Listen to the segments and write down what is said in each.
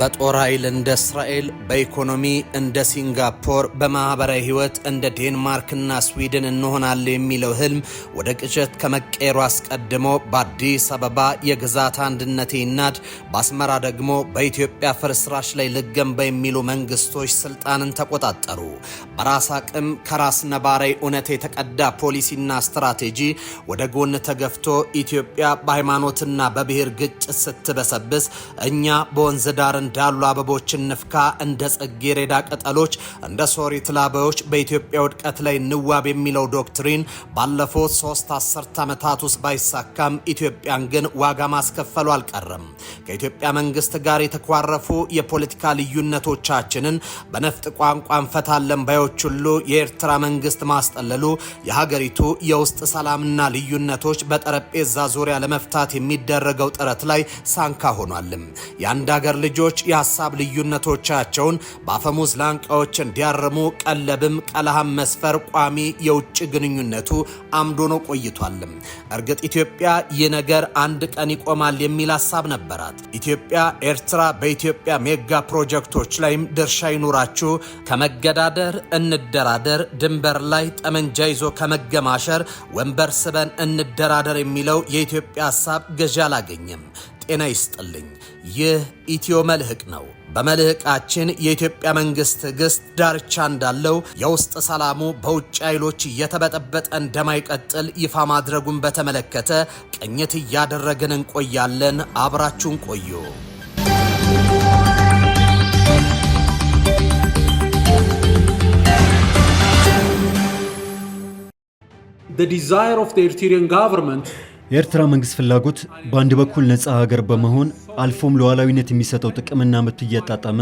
በጦር ኃይል እንደ እስራኤል፣ በኢኮኖሚ እንደ ሲንጋፖር፣ በማኅበራዊ ሕይወት እንደ ዴንማርክና ስዊድን እንሆናለን የሚለው ህልም ወደ ቅዠት ከመቀየሩ አስቀድሞ በአዲስ አበባ የግዛት አንድነቴ ይናድ፣ በአስመራ ደግሞ በኢትዮጵያ ፍርስራሽ ላይ ልገንባ የሚሉ መንግስቶች ስልጣንን ተቆጣጠሩ። በራስ አቅም ከራስ ነባራዊ እውነት የተቀዳ ፖሊሲና ስትራቴጂ ወደ ጎን ተገፍቶ ኢትዮጵያ በሃይማኖትና በብሔር ግጭት ስትበሰብስ እኛ በወንዝ ዳር እንዳሉ አበቦችን ንፍካ፣ እንደ ጽጌረዳ ቅጠሎች፣ እንደ ሶሪት ላባዎች በኢትዮጵያ ውድቀት ላይ ንዋብ የሚለው ዶክትሪን ባለፉት ሶስት አስርት ዓመታት ውስጥ ባይሳካም ኢትዮጵያን ግን ዋጋ ማስከፈሉ አልቀረም። ከኢትዮጵያ መንግስት ጋር የተኳረፉ የፖለቲካ ልዩነቶቻችንን በነፍጥ ቋንቋ እንፈታለን ባዮች ሁሉ የኤርትራ መንግስት ማስጠለሉ የሀገሪቱ የውስጥ ሰላምና ልዩነቶች በጠረጴዛ ዙሪያ ለመፍታት የሚደረገው ጥረት ላይ ሳንካ ሆኗልም። የአንድ ሀገር ልጆች የሀሳብ ልዩነቶቻቸውን በአፈሙዝ ላንቃዎች እንዲያርሙ ቀለብም ቀለሃም መስፈር ቋሚ የውጭ ግንኙነቱ አምዶኖ ቆይቷልም። እርግጥ ኢትዮጵያ ይህ ነገር አንድ ቀን ይቆማል የሚል ሀሳብ ነበራት። ኢትዮጵያ ኤርትራ በኢትዮጵያ ሜጋ ፕሮጀክቶች ላይም ድርሻ ይኑራችሁ፣ ከመገዳደር እንደራደር፣ ድንበር ላይ ጠመንጃ ይዞ ከመገማሸር ወንበር ስበን እንደራደር የሚለው የኢትዮጵያ ሀሳብ ገዢ አላገኘም። ጤና ይስጥልኝ። ይህ ኢትዮ መልህቅ ነው። በመልህቃችን የኢትዮጵያ መንግስት ትዕግስት ዳርቻ እንዳለው የውስጥ ሰላሙ በውጭ ኃይሎች እየተበጠበጠ እንደማይቀጥል ይፋ ማድረጉን በተመለከተ ቅኝት እያደረግን እንቆያለን። አብራችሁን ቆዩ። The desire of the Eritrean government የኤርትራ መንግስት ፍላጎት በአንድ በኩል ነፃ ሀገር በመሆን አልፎም ሉዓላዊነት የሚሰጠው ጥቅምና መብት እያጣጣመ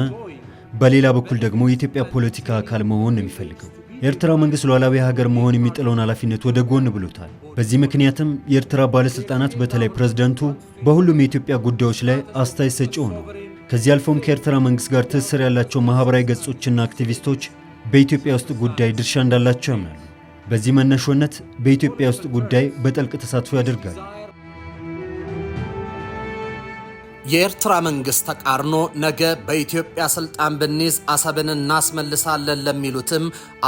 በሌላ በኩል ደግሞ የኢትዮጵያ ፖለቲካ አካል መሆን ነው የሚፈልገው። የኤርትራ መንግስት ሉዓላዊ ሀገር መሆን የሚጥለውን ኃላፊነት ወደ ጎን ብሎታል። በዚህ ምክንያትም የኤርትራ ባለሥልጣናት በተለይ ፕሬዝደንቱ በሁሉም የኢትዮጵያ ጉዳዮች ላይ አስተያየት ሰጪ ሆነው ከዚህ አልፎም ከኤርትራ መንግስት ጋር ትስስር ያላቸው ማኅበራዊ ገጾችና አክቲቪስቶች በኢትዮጵያ ውስጥ ጉዳይ ድርሻ እንዳላቸው ያምናሉ። በዚህ መነሾነት በኢትዮጵያ ውስጥ ጉዳይ በጥልቅ ተሳትፎ ያደርጋል። የኤርትራ መንግስት ተቃርኖ ነገ በኢትዮጵያ ስልጣን ብንይዝ አሰብን እናስመልሳለን ለሚሉትም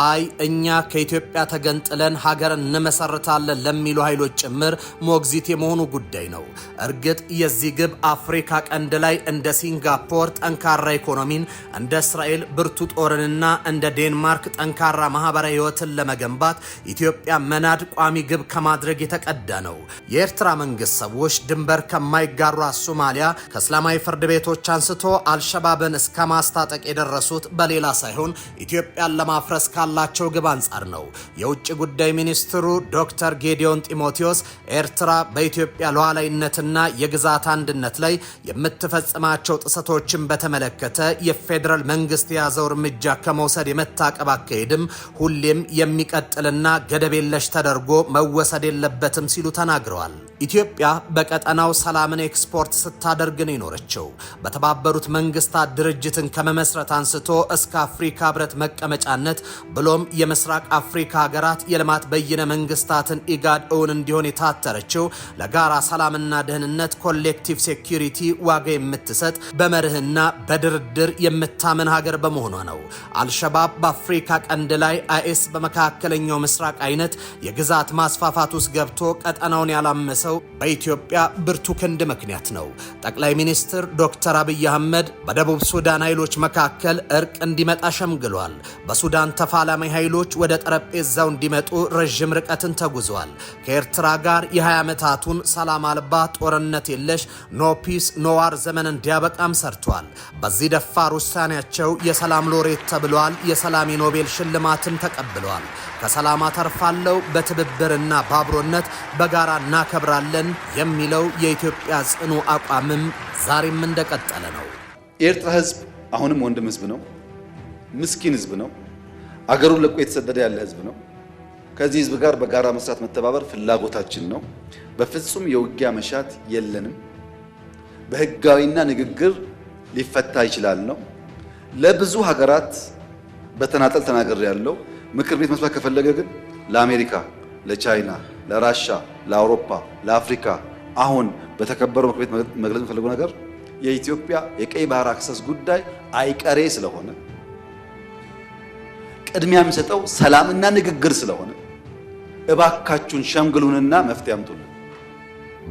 አይ እኛ ከኢትዮጵያ ተገንጥለን ሀገር እንመሰርታለን ለሚሉ ኃይሎች ጭምር ሞግዚት የመሆኑ ጉዳይ ነው። እርግጥ የዚህ ግብ አፍሪካ ቀንድ ላይ እንደ ሲንጋፖር ጠንካራ ኢኮኖሚን፣ እንደ እስራኤል ብርቱ ጦርንና እንደ ዴንማርክ ጠንካራ ማህበራዊ ህይወትን ለመገንባት ኢትዮጵያ መናድ ቋሚ ግብ ከማድረግ የተቀዳ ነው። የኤርትራ መንግስት ሰዎች ድንበር ከማይጋሯ ሶማሊያ ከእስላማዊ ፍርድ ቤቶች አንስቶ አልሸባብን እስከ ማስታጠቅ የደረሱት በሌላ ሳይሆን ኢትዮጵያን ለማፍረስ ካላቸው ግብ አንጻር ነው። የውጭ ጉዳይ ሚኒስትሩ ዶክተር ጌዲዮን ጢሞቴዎስ ኤርትራ በኢትዮጵያ ሉዓላዊነትና የግዛት አንድነት ላይ የምትፈጽማቸው ጥሰቶችን በተመለከተ የፌዴራል መንግስት የያዘው እርምጃ ከመውሰድ የመታቀብ አካሄድም ሁሌም የሚቀጥልና ገደብ የለሽ ተደርጎ መወሰድ የለበትም ሲሉ ተናግረዋል። ኢትዮጵያ በቀጠናው ሰላምን ኤክስፖርት ስታደርግ ነው የኖረችው። በተባበሩት መንግስታት ድርጅትን ከመመስረት አንስቶ እስከ አፍሪካ ህብረት መቀመጫነት ብሎም የምስራቅ አፍሪካ ሀገራት የልማት በይነ መንግስታትን ኢጋድ እውን እንዲሆን የታተረችው ለጋራ ሰላምና ደህንነት ኮሌክቲቭ ሴኪሪቲ ዋጋ የምትሰጥ በመርህና በድርድር የምታምን ሀገር በመሆኗ ነው። አልሸባብ በአፍሪካ ቀንድ ላይ አይኤስ በመካከለኛው ምስራቅ አይነት የግዛት ማስፋፋት ውስጥ ገብቶ ቀጠናውን ያላመሰው በኢትዮጵያ ብርቱ ክንድ ምክንያት ነው። ጠቅላይ ጠቅላይ ሚኒስትር ዶክተር አብይ አህመድ በደቡብ ሱዳን ኃይሎች መካከል እርቅ እንዲመጣ ሸምግሏል። በሱዳን ተፋላሚ ኃይሎች ወደ ጠረጴዛው እንዲመጡ ረዥም ርቀትን ተጉዟል። ከኤርትራ ጋር የ20 ዓመታቱን ሰላም አልባ ጦርነት የለሽ ኖፒስ ኖዋር ዘመን እንዲያበቃም ሰርቷል። በዚህ ደፋር ውሳኔያቸው የሰላም ሎሬት ተብሏል። የሰላም የኖቤል ሽልማትን ተቀብሏል። ከሰላም አተርፋለው፣ በትብብርና በአብሮነት በጋራ እናከብራለን የሚለው የኢትዮጵያ ጽኑ አቋምም ዛሬም እንደቀጠለ ነው። የኤርትራ ህዝብ አሁንም ወንድም ህዝብ ነው። ምስኪን ህዝብ ነው። አገሩን ለቆ የተሰደደ ያለ ህዝብ ነው። ከዚህ ህዝብ ጋር በጋራ መስራት፣ መተባበር ፍላጎታችን ነው። በፍጹም የውጊያ መሻት የለንም። በህጋዊና ንግግር ሊፈታ ይችላል ነው። ለብዙ ሀገራት በተናጠል ተናገር ያለው ምክር ቤት መስማት ከፈለገ ግን ለአሜሪካ፣ ለቻይና፣ ለራሻ፣ ለአውሮፓ፣ ለአፍሪካ አሁን በተከበረው ምክር ቤት መግለጽ የምፈልገው ነገር የኢትዮጵያ የቀይ ባህር አክሰስ ጉዳይ አይቀሬ ስለሆነ ቅድሚያ የሚሰጠው ሰላምና ንግግር ስለሆነ እባካችሁን ሸምግሉንና መፍትሄ አምጡልን።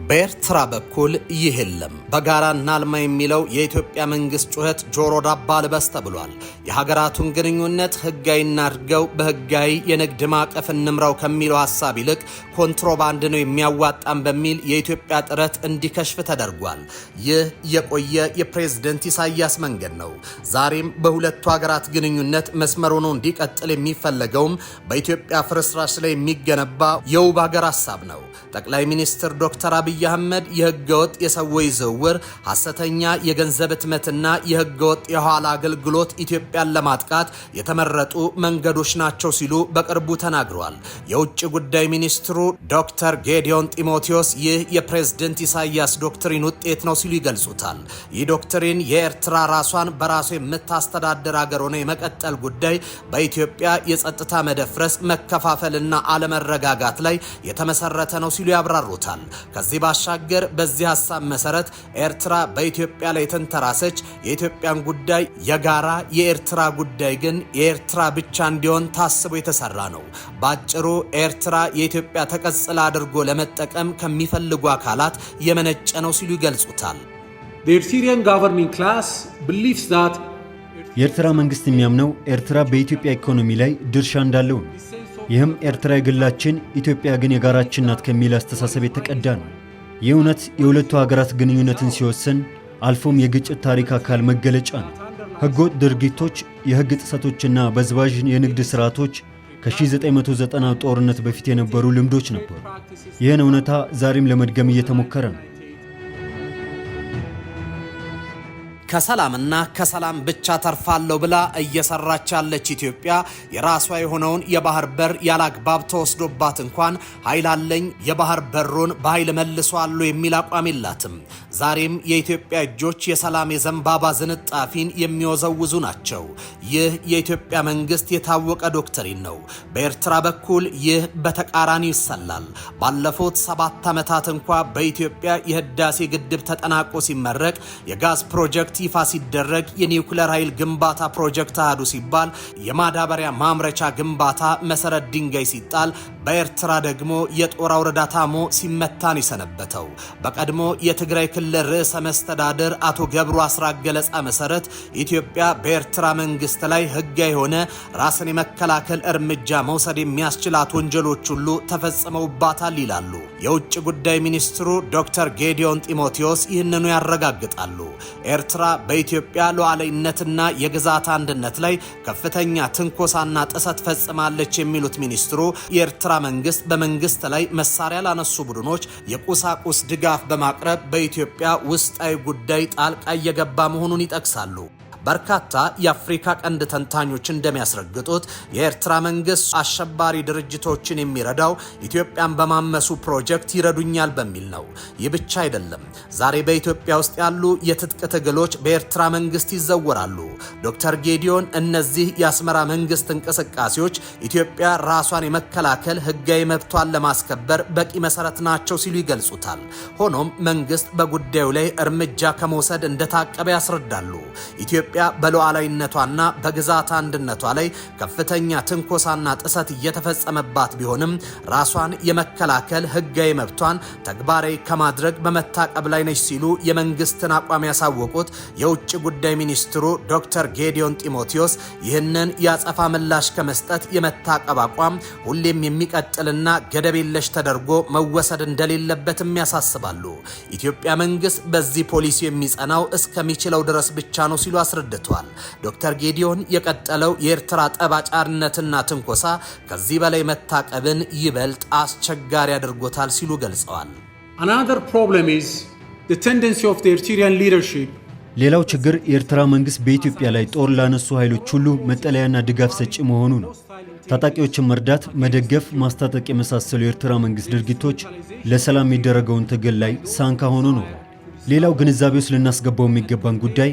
በኤርትራ በኩል ይህ የለም። በጋራ እናልማ የሚለው የኢትዮጵያ መንግስት ጩኸት ጆሮ ዳባ ልበስ ተብሏል። የሀገራቱን ግንኙነት ህጋዊ እናድርገው፣ በህጋዊ የንግድ ማዕቀፍ እንምራው ከሚለው ሀሳብ ይልቅ ኮንትሮባንድ ነው የሚያዋጣን በሚል የኢትዮጵያ ጥረት እንዲከሽፍ ተደርጓል። ይህ የቆየ የፕሬዝደንት ኢሳያስ መንገድ ነው። ዛሬም በሁለቱ ሀገራት ግንኙነት መስመር ሆኖ እንዲቀጥል የሚፈለገውም በኢትዮጵያ ፍርስራሽ ላይ የሚገነባ የውብ ሀገር ሀሳብ ነው። ጠቅላይ ሚኒስትር ዶክተር አብይ አብይ አህመድ የህገወጥ የሰዎች ዝውውር፣ ሐሰተኛ የገንዘብ ህትመትና የህገወጥ የኋላ አገልግሎት ኢትዮጵያን ለማጥቃት የተመረጡ መንገዶች ናቸው ሲሉ በቅርቡ ተናግረዋል። የውጭ ጉዳይ ሚኒስትሩ ዶክተር ጌዲዮን ጢሞቴዎስ ይህ የፕሬዝደንት ኢሳያስ ዶክትሪን ውጤት ነው ሲሉ ይገልጹታል። ይህ ዶክትሪን የኤርትራ ራሷን በራሱ የምታስተዳደር አገር ሆነ የመቀጠል ጉዳይ በኢትዮጵያ የጸጥታ መደፍረስ፣ መከፋፈልና አለመረጋጋት ላይ የተመሰረተ ነው ሲሉ ያብራሩታል። ከዚህ ከዚህ ባሻገር በዚህ ሀሳብ መሰረት ኤርትራ በኢትዮጵያ ላይ ተንተራሰች፣ የኢትዮጵያን ጉዳይ የጋራ የኤርትራ ጉዳይ ግን የኤርትራ ብቻ እንዲሆን ታስቦ የተሰራ ነው። በአጭሩ ኤርትራ የኢትዮጵያ ተቀጽላ አድርጎ ለመጠቀም ከሚፈልጉ አካላት የመነጨ ነው ሲሉ ይገልጹታል። የኤርትራ መንግስት የሚያምነው ኤርትራ በኢትዮጵያ ኢኮኖሚ ላይ ድርሻ እንዳለው ነው። ይህም ኤርትራ የግላችን ኢትዮጵያ ግን የጋራችን ናት ከሚል አስተሳሰብ የተቀዳ ነው። ይህ እውነት የሁለቱ ሀገራት ግንኙነትን ሲወስን አልፎም የግጭት ታሪክ አካል መገለጫ ነው። ሕገወጥ ድርጊቶች፣ የሕግ ጥሰቶችና በዝባዥ የንግድ ሥርዓቶች ከ1990 ጦርነት በፊት የነበሩ ልምዶች ነበሩ። ይህን እውነታ ዛሬም ለመድገም እየተሞከረ ነው። ከሰላምና ከሰላም ብቻ ተርፋለሁ ብላ እየሰራች ያለች ኢትዮጵያ የራሷ የሆነውን የባህር በር ያላግባብ ተወስዶባት እንኳን ኃይል አለኝ የባህር በሩን በኃይል መልሷሉ የሚል አቋም የላትም። ዛሬም የኢትዮጵያ እጆች የሰላም የዘንባባ ዝንጣፊን የሚወዘውዙ ናቸው። ይህ የኢትዮጵያ መንግስት የታወቀ ዶክትሪን ነው። በኤርትራ በኩል ይህ በተቃራኒ ይሰላል። ባለፉት ሰባት ዓመታት እንኳ በኢትዮጵያ የህዳሴ ግድብ ተጠናቆ ሲመረቅ የጋዝ ፕሮጀክት ይፋ ሲደረግ የኒውክሌር ኃይል ግንባታ ፕሮጀክት አህዱ ሲባል የማዳበሪያ ማምረቻ ግንባታ መሰረት ድንጋይ ሲጣል በኤርትራ ደግሞ የጦር አውረዳ ታሞ ሲመታን የሰነበተው በቀድሞ የትግራይ ክልል ርዕሰ መስተዳደር አቶ ገብሩ አስራት ገለጻ መሰረት ኢትዮጵያ በኤርትራ መንግስት ላይ ህጋ የሆነ ራስን የመከላከል እርምጃ መውሰድ የሚያስችላት ወንጀሎች ሁሉ ተፈጽመውባታል ይላሉ። የውጭ ጉዳይ ሚኒስትሩ ዶክተር ጌዲዮን ጢሞቴዎስ ይህንኑ ያረጋግጣሉ። ኤርትራ በኢትዮጵያ ሉዓላዊነትና የግዛት አንድነት ላይ ከፍተኛ ትንኮሳና ጥሰት ፈጽማለች የሚሉት ሚኒስትሩ የኤርትራ መንግስት በመንግስት ላይ መሳሪያ ላነሱ ቡድኖች የቁሳቁስ ድጋፍ በማቅረብ በኢትዮጵያ ውስጣዊ ጉዳይ ጣልቃ እየገባ መሆኑን ይጠቅሳሉ። በርካታ የአፍሪካ ቀንድ ተንታኞች እንደሚያስረግጡት የኤርትራ መንግስት አሸባሪ ድርጅቶችን የሚረዳው ኢትዮጵያን በማመሱ ፕሮጀክት ይረዱኛል በሚል ነው። ይህ ብቻ አይደለም። ዛሬ በኢትዮጵያ ውስጥ ያሉ የትጥቅ ትግሎች በኤርትራ መንግስት ይዘወራሉ። ዶክተር ጌዲዮን እነዚህ የአስመራ መንግስት እንቅስቃሴዎች ኢትዮጵያ ራሷን የመከላከል ህጋዊ መብቷን ለማስከበር በቂ መሰረት ናቸው ሲሉ ይገልጹታል። ሆኖም መንግስት በጉዳዩ ላይ እርምጃ ከመውሰድ እንደታቀበ ያስረዳሉ። ኢትዮጵያ ኢትዮጵያ በሉዓላዊነቷና በግዛት አንድነቷ ላይ ከፍተኛ ትንኮሳና ጥሰት እየተፈጸመባት ቢሆንም ራሷን የመከላከል ህጋዊ መብቷን ተግባራዊ ከማድረግ በመታቀብ ላይ ነች ሲሉ የመንግስትን አቋም ያሳወቁት የውጭ ጉዳይ ሚኒስትሩ ዶክተር ጌዲዮን ጢሞቴዎስ ይህንን የአጸፋ ምላሽ ከመስጠት የመታቀብ አቋም ሁሌም የሚቀጥልና ገደብ የለሽ ተደርጎ መወሰድ እንደሌለበትም ያሳስባሉ። ኢትዮጵያ መንግስት በዚህ ፖሊሲ የሚጸናው እስከሚችለው ድረስ ብቻ ነው ሲሉ አስረድቷል። ዶክተር ጌዲዮን የቀጠለው የኤርትራ ጠባጫርነትና ትንኮሳ ከዚህ በላይ መታቀብን ይበልጥ አስቸጋሪ አድርጎታል ሲሉ ገልጸዋል። ሌላው ችግር የኤርትራ መንግስት በኢትዮጵያ ላይ ጦር ላነሱ ኃይሎች ሁሉ መጠለያና ድጋፍ ሰጪ መሆኑ ነው። ታጣቂዎችን መርዳት፣ መደገፍ፣ ማስታጠቅ የመሳሰሉ የኤርትራ መንግስት ድርጊቶች ለሰላም የሚደረገውን ትግል ላይ ሳንካ ሆኖ ነው። ሌላው ግንዛቤ ውስጥ ልናስገባው የሚገባን ጉዳይ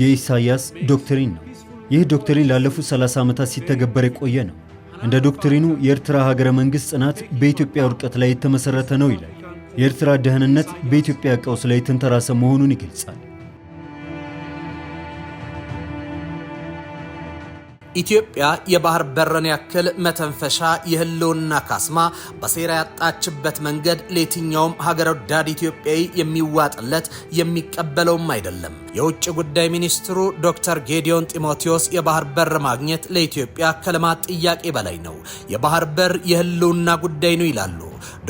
የኢሳያስ ዶክትሪን ነው። ይህ ዶክትሪን ላለፉት 30 ዓመታት ሲተገበር የቆየ ነው። እንደ ዶክትሪኑ የኤርትራ ሀገረ መንግሥት ጽናት በኢትዮጵያ ውድቀት ላይ የተመሠረተ ነው ይላል። የኤርትራ ደህንነት በኢትዮጵያ ቀውስ ላይ የተንተራሰ መሆኑን ይገልጻል። ኢትዮጵያ የባህር በርን ያክል መተንፈሻ የህልውና ካስማ በሴራ ያጣችበት መንገድ ለየትኛውም ሀገር ወዳድ ኢትዮጵያዊ የሚዋጥለት የሚቀበለውም አይደለም። የውጭ ጉዳይ ሚኒስትሩ ዶክተር ጌዲዮን ጢሞቴዎስ የባህር በር ማግኘት ለኢትዮጵያ ከልማት ጥያቄ በላይ ነው፣ የባህር በር የህልውና ጉዳይ ነው ይላሉ።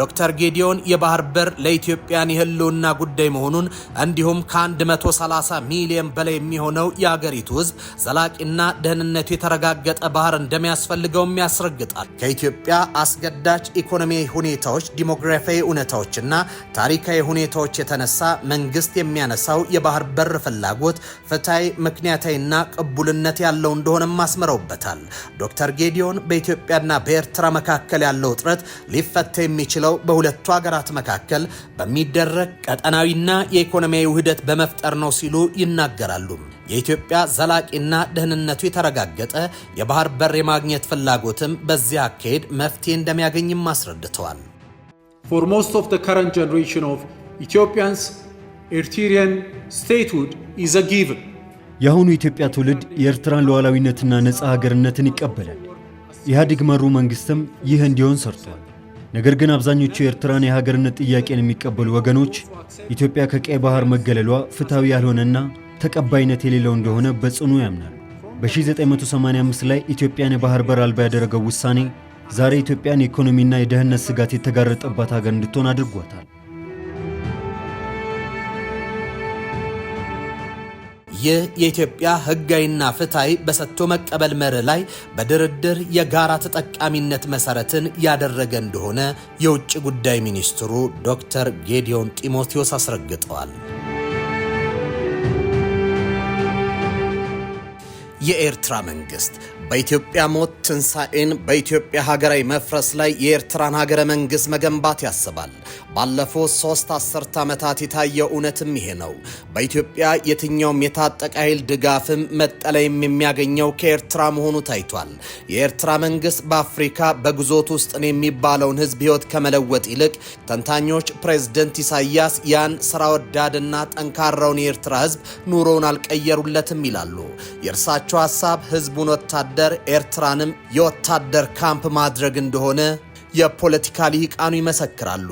ዶክተር ጌዲዮን የባህር በር ለኢትዮጵያን የህልውና ጉዳይ መሆኑን እንዲሁም ከ130 ሚሊዮን በላይ የሚሆነው የአገሪቱ ህዝብ ዘላቂና ደህንነቱ የተረጋገጠ ባህር እንደሚያስፈልገውም ያስረግጣል። ከኢትዮጵያ አስገዳጅ ኢኮኖሚያዊ ሁኔታዎች፣ ዲሞግራፊያዊ እውነታዎችና ታሪካዊ ሁኔታዎች የተነሳ መንግስት የሚያነሳው የባህር በር ፍላጎት ፍትሐዊ፣ ምክንያታዊና ቅቡልነት ያለው እንደሆነም አስምረውበታል። ዶክተር ጌዲዮን በኢትዮጵያና በኤርትራ መካከል ያለው ውጥረት ሊፈታ የሚ የሚችለው በሁለቱ ሀገራት መካከል በሚደረግ ቀጠናዊና የኢኮኖሚያዊ ውህደት በመፍጠር ነው ሲሉ ይናገራሉ። የኢትዮጵያ ዘላቂና ደህንነቱ የተረጋገጠ የባህር በር የማግኘት ፍላጎትም በዚህ አካሄድ መፍትሄ እንደሚያገኝም አስረድተዋል። For most of the current generation of Ethiopians, የአሁኑ ኢትዮጵያ ትውልድ የኤርትራን ሉዓላዊነትና ነፃ ሀገርነትን ይቀበላል። ኢህአዴግ መሩ መንግሥትም ይህ እንዲሆን ሰርቷል። ነገር ግን አብዛኞቹ የኤርትራን የሀገርነት ጥያቄን የሚቀበሉ ወገኖች ኢትዮጵያ ከቀይ ባህር መገለሏ ፍትሐዊ ያልሆነና ተቀባይነት የሌለው እንደሆነ በጽኑ ያምናሉ። በ1985 ላይ ኢትዮጵያን የባህር በር አልባ ያደረገው ውሳኔ ዛሬ ኢትዮጵያን የኢኮኖሚና የደህንነት ስጋት የተጋረጠባት ሀገር እንድትሆን አድርጓታል። ይህ የኢትዮጵያ ሕጋዊና ፍትሐዊ በሰጥቶ መቀበል መርህ ላይ በድርድር የጋራ ተጠቃሚነት መሰረትን ያደረገ እንደሆነ የውጭ ጉዳይ ሚኒስትሩ ዶክተር ጌዲዮን ጢሞቴዎስ አስረግጠዋል። የኤርትራ መንግስት በኢትዮጵያ ሞት ትንሣኤን በኢትዮጵያ ሀገራዊ መፍረስ ላይ የኤርትራን ሀገረ መንግሥት መገንባት ያስባል። ባለፉት ሦስት አስርት ዓመታት የታየው እውነትም ይሄ ነው። በኢትዮጵያ የትኛውም የታጠቀ ኃይል ድጋፍም መጠለይም የሚያገኘው ከኤርትራ መሆኑ ታይቷል። የኤርትራ መንግሥት በአፍሪካ በግዞት ውስጥ ነው የሚባለውን ሕዝብ ሕይወት ከመለወጥ ይልቅ ተንታኞች ፕሬዝደንት ኢሳያስ ያን ሥራ ወዳድና ጠንካራውን የኤርትራ ሕዝብ ኑሮውን አልቀየሩለትም ይላሉ። የእርሳቸው ያላቸው ሀሳብ ህዝቡን ወታደር ኤርትራንም የወታደር ካምፕ ማድረግ እንደሆነ የፖለቲካ ሊቃኑ ይመሰክራሉ።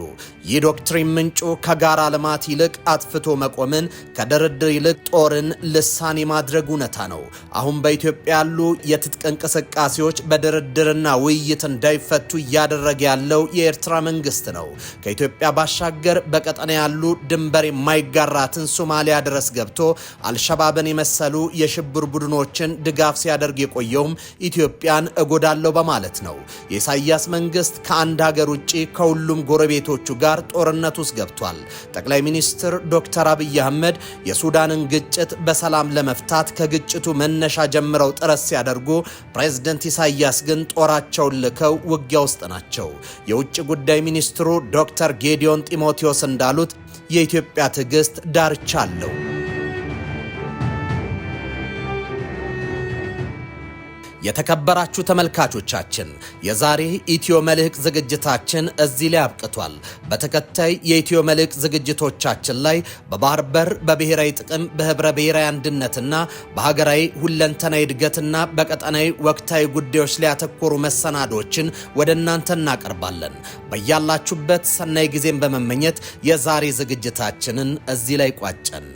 የዶክትሪን ምንጩ ከጋራ ልማት ይልቅ አጥፍቶ መቆምን ከድርድር ይልቅ ጦርን ልሳን የማድረግ እውነታ ነው። አሁን በኢትዮጵያ ያሉ የትጥቅ እንቅስቃሴዎች በድርድርና ውይይት እንዳይፈቱ እያደረገ ያለው የኤርትራ መንግስት ነው። ከኢትዮጵያ ባሻገር በቀጠና ያሉ ድንበር የማይጋራትን ሶማሊያ ድረስ ገብቶ አልሸባብን የመሰሉ የሽብር ቡድኖችን ድጋፍ ሲያደርግ የቆየውም ኢትዮጵያን እጎዳለው በማለት ነው። የኢሳያስ መንግስት ከአንድ ሀገር ውጭ ከሁሉም ጎረቤቶቹ ጋር ጋር ጦርነት ውስጥ ገብቷል። ጠቅላይ ሚኒስትር ዶክተር አብይ አህመድ የሱዳንን ግጭት በሰላም ለመፍታት ከግጭቱ መነሻ ጀምረው ጥረት ሲያደርጉ፣ ፕሬዝደንት ኢሳያስ ግን ጦራቸውን ልከው ውጊያ ውስጥ ናቸው። የውጭ ጉዳይ ሚኒስትሩ ዶክተር ጌዲዮን ጢሞቴዎስ እንዳሉት የኢትዮጵያ ትዕግስት ዳርቻ አለው። የተከበራችሁ ተመልካቾቻችን የዛሬ ኢትዮ መልሕቅ ዝግጅታችን እዚህ ላይ አብቅቷል። በተከታይ የኢትዮ መልሕቅ ዝግጅቶቻችን ላይ በባህር በር በብሔራዊ ጥቅም በህብረ ብሔራዊ አንድነትና በሀገራዊ ሁለንተናዊ እድገትና በቀጠናዊ ወቅታዊ ጉዳዮች ላይ ያተኮሩ መሰናዶችን ወደ እናንተ እናቀርባለን። በያላችሁበት ሰናይ ጊዜን በመመኘት የዛሬ ዝግጅታችንን እዚህ ላይ ቋጨን።